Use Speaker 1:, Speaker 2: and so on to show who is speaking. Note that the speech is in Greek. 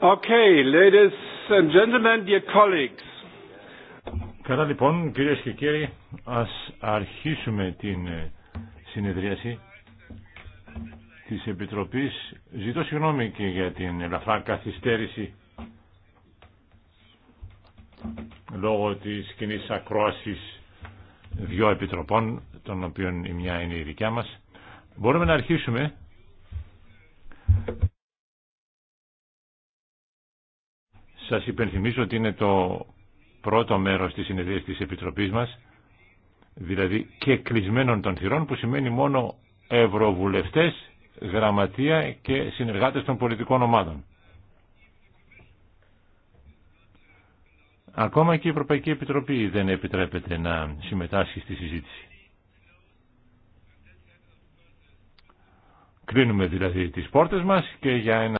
Speaker 1: Okay, ladies and gentlemen,
Speaker 2: Καλά λοιπόν, κυρίε και κύριοι, ας αρχίσουμε την ε, συνεδρίαση της Επιτροπής. Ζητώ συγγνώμη και για την ελαφρά καθυστέρηση λόγω της κοινή ακρόασης δυο επιτροπών, των οποίων η μια είναι η δικιά μας. Μπορούμε να αρχίσουμε Σας υπενθυμίζω ότι είναι το πρώτο μέρος της συνεδρίας της Επιτροπής μας, δηλαδή και κλεισμένων των θυρών, που σημαίνει μόνο ευρωβουλευτές, γραμματεία και συνεργάτες των πολιτικών ομάδων. Ακόμα και η Ευρωπαϊκή Επιτροπή δεν επιτρέπεται να συμμετάσχει στη συζήτηση.
Speaker 1: Κλείνουμε δηλαδή τις πόρτες μας και για ένα